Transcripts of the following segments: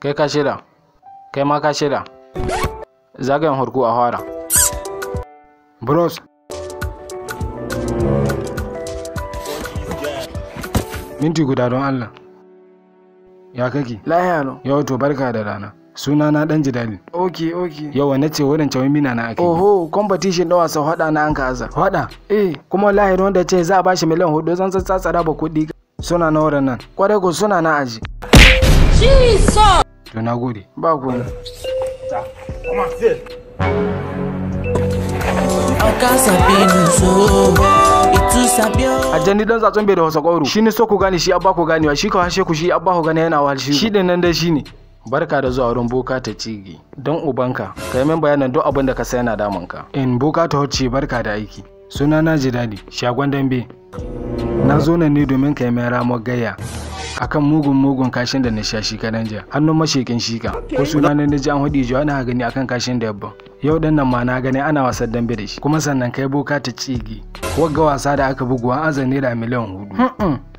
kai ka shida kai ma ka shida zagayen harko a fara bros minti guda don allah ya kake lahiya no yau to barka da rana suna na dan jidali ok ok Yau wane ce wurin cewa mina na ake oho competition na wasan hada na an ka azar hada eh kuma lahirin wanda ce za a bashi miliyan hudu zan sassa tsara ba kuɗi suna na wurin nan kwarai ko suna na aji Jesus! to na gode ba gode Ajani dan zaton bai da wasa kwauro shi ne so ku gane shi abba ku ganewa shi ka hashe ku shi abba ku gane yana walshi shi din nan dai shi ne barka da zuwa wurin boka ta cigi don ubanka ka yi min bayanan duk abin da ka sai yana ka. in boka ta hocce barka da aiki suna na ji daɗi shagon dambe na zo nan ne domin ka yi mai ramar gayya akan mugun mugun kashin da na sha shi karanja hannun mashekin shika ko suna ne na ji an hudi jiwa na gani akan kashin da yabban yau dan nan ma na gani ana wasan dambe da shi kuma sannan kai boka ta cigi wagga wasa da aka bugu an ne naira miliyan hudu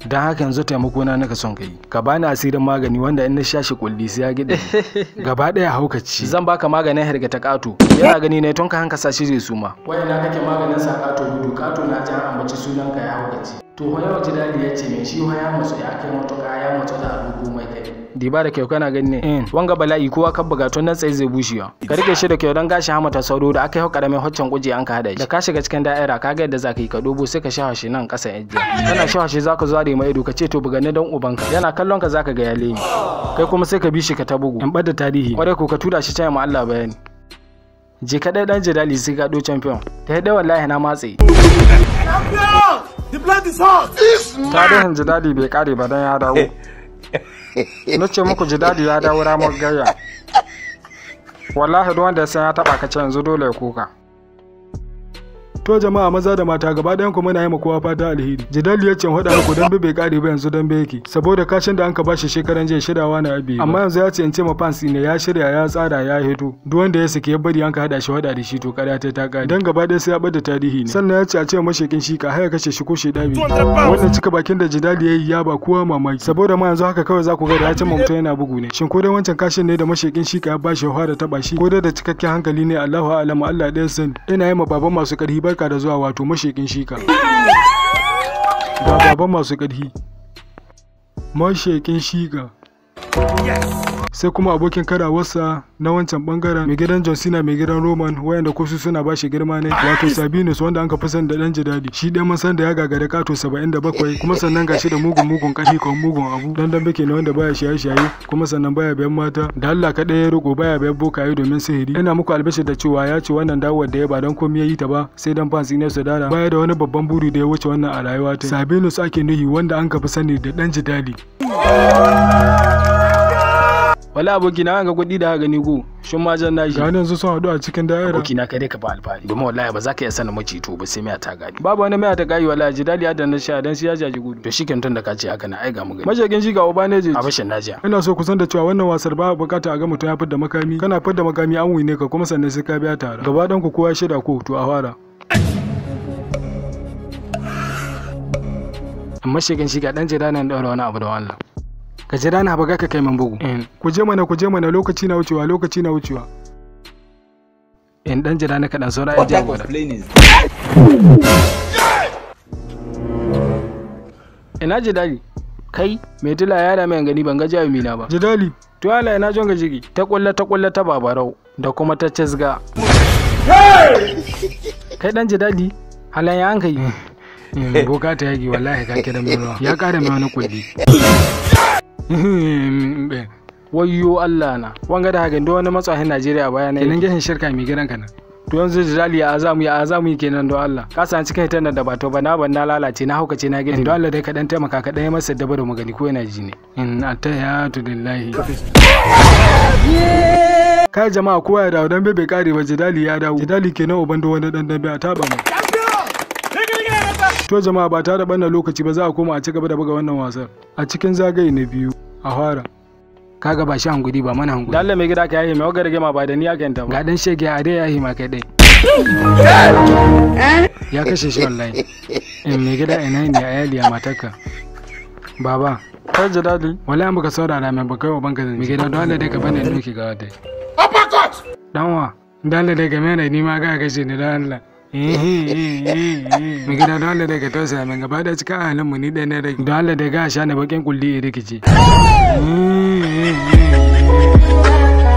don haka yanzu taimako na naka son kai ka bani asirin magani wanda in na sha shi kulli sai ya gida gaba daya haukaci zan baka maganin harga ta kato yana gani ne tun ka hanka sashi zai suma wanda kake maganin sa kato hudu, kato na ambaci sunan ka ya haukaci to hoya wata dadi ya ce min shi hoya ya matsu ya kai matuƙa ya matsu da agogo mai kai diba da kyau kana gani ne eh. wanga bala'i kowa kan bugatun nan tsaye zai bushewa ka rike shi da kyau don gashi hama ta sauro da aka yi karamin hoccan kuje an ka hada shi da ka shiga cikin da'ira ka ga yadda zaka yi ka dubo sai ka sha shi nan ƙasa yajiya kana shaha za zaka zo da mai ido ka ce to buga ne dan ubanka yana kallon ka zaka ga ya lemi kai kuma sai ka bi shi ka ta bugu in bada tarihi kware ko ka tura shi ta ma Allah bayani je kaɗai dan jidali sai ka champion ta yadda wallahi na matse The blood is hot. Tarihin jidadi bai kare ba dan ya dawo. Na ce muku jidadi ya dawo ramar gayya. Wallahi duk wanda ya san ya taba ka ce yanzu dole ya kuka. to jama'a maza da mata gaba ɗayan ku muna yi ma kowa fata alheri jidali ya ce hada ku dambe bai kare ba yanzu dambe yake saboda kashin da anka bashi shekaran jiya shiryawa na abi amma yanzu ya ce in ce ma fans ne ya shirya ya tsara ya hito duk wanda ya sake ya bari anka hada shi hada da shi to kada ta ta kare dan gaba ɗaya sai ya bada tarihi ne sannan ya ce a ce mashekin shi ka haya kashe shi ko shi dabi wannan cika bakin da jidali yayi ya ba kowa mamaki saboda ma yanzu haka kawai za ku ga da ya ce mutum yana bugu ne shin ko dai wancan kashin ne da mashekin shi ka ya bashi ya fara taba shi ko dai da cikakken hankali ne Allahu a'lamu Allah ɗaya sani ina yi ma baban masu karhi shika da zuwa wato mashekin shika ga baban masu ƙarfi mashekin shika yes sai kuma abokin karawarsa na wancan bangaren mai gidan John Cena mai gidan Roman wayanda ko su suna bashi girma ne wato Sabinus wanda an kafa san da dan jidadi shi dai mun san da ya gagare kato 77 kuma sannan gashi da mugun mugun kashi ko mugun abu dan dan bake ne wanda baya shaye shaye kuma sannan baya bayan mata da Allah ka ya riko baya bayan yi domin sihiri ina muku albashi da cewa ya ce wannan dawowar da ya ba dan komai yayi ta ba sai dan fansi ne su dara baya da wani babban buri da ya wuce wannan a rayuwa ta Sabinus ake nuhi wanda an kafa sani da dan jidali wala aboki na ga kuɗi da gani ko shin ma jan nashi gani yanzu sun haɗu a cikin daira aboki na kai dai ka fa alfahari domin wallahi ba za ka iya sanin to ba sai miya ta gani babu wani mai ta gani wallahi ji dadi adan na sha dan sai ya jaji gudu to shikin tun da ka ce haka na ai ga mu gani mashagin shi ga uba ne je a bashin najiya ina so ku san da cewa wannan wasar ba bukata a ga mutum ya fidda makami kana fidda makami an ne ka kuma sannan sai ka biya tara gaba dan ku kowa shida ko to a fara amma shigin shi ga dan jira nan da wani abu da wallah ka jira ba ga ka kai man bugu ku je mana ku je mana lokaci na wucewa lokaci na wucewa in dan jira na kaɗan saura ya je ina jidali kai Me dila ya dame gani ban ga jami na ba jidali to ala ina jonga jigi ta kulla ta kulla ta babarau da kuma ta cizga kai dan jidali halan ya hankali eh, boka ta yagi wallahi ka kira mai ya kare mai wani kulli Hmm, wayyo Allah na wanga da hagan da wani matsahin Najeriya baya na kenan gashin shirka mai gidan kana to yanzu jidali ya azamu ya azamu kenan don Allah ka san cikin hitar da ba to ba na ban na lalace na hauka ce na gidi don Allah dai ka dan taimaka ka dan masa dabaro da magani ko yana ji ne in atayatu lillahi kai jama'a kowa ya dawo dan bebe kare ba jidali ya dawo jidali kenan uban da wani dan dan a taba mu To jama'a ba tare da ɓanna lokaci ba za a koma a ci gaba da buga wannan wasan a cikin zagaye na biyu a fara. Kaga ba shi hangudi ba mana hangudi. Dalle mai gida ka yahi mai wagar ma ba da ni ya kanta ba. Ga dan shege a dai yahi ma kai dai. Ya kashe shi wallahi. In eh, mai gida ina ne a yali ya mataka? Baba. Kai ji daɗi. Wallahi baka saurara mai baka wa banka Mai gida dole dai ka bane doki ga wadai. Uppercut! Danwa. Dalle dai game da ni ma ga kashe ni dan Allah. mai mm-hmm. gida